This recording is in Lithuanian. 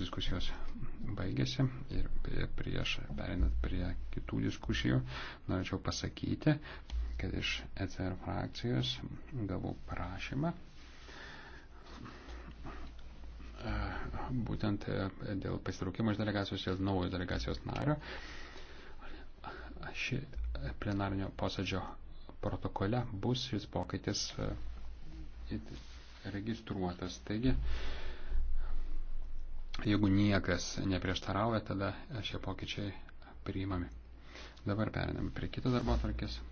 diskusijos baigėsi ir prieš perinant prie kitų diskusijų norėčiau pasakyti, kad iš ECR frakcijos gavau prašymą e, būtent e, dėl pasitraukimo iš delegacijos ir naujo delegacijos nario. Ši plenarinio posėdžio protokole bus šis pokytis e, registruotas. Taigi, Jeigu niekas neprieštarauja, tada šie pokyčiai priimami. Dabar periname prie kito darbo atvarkės.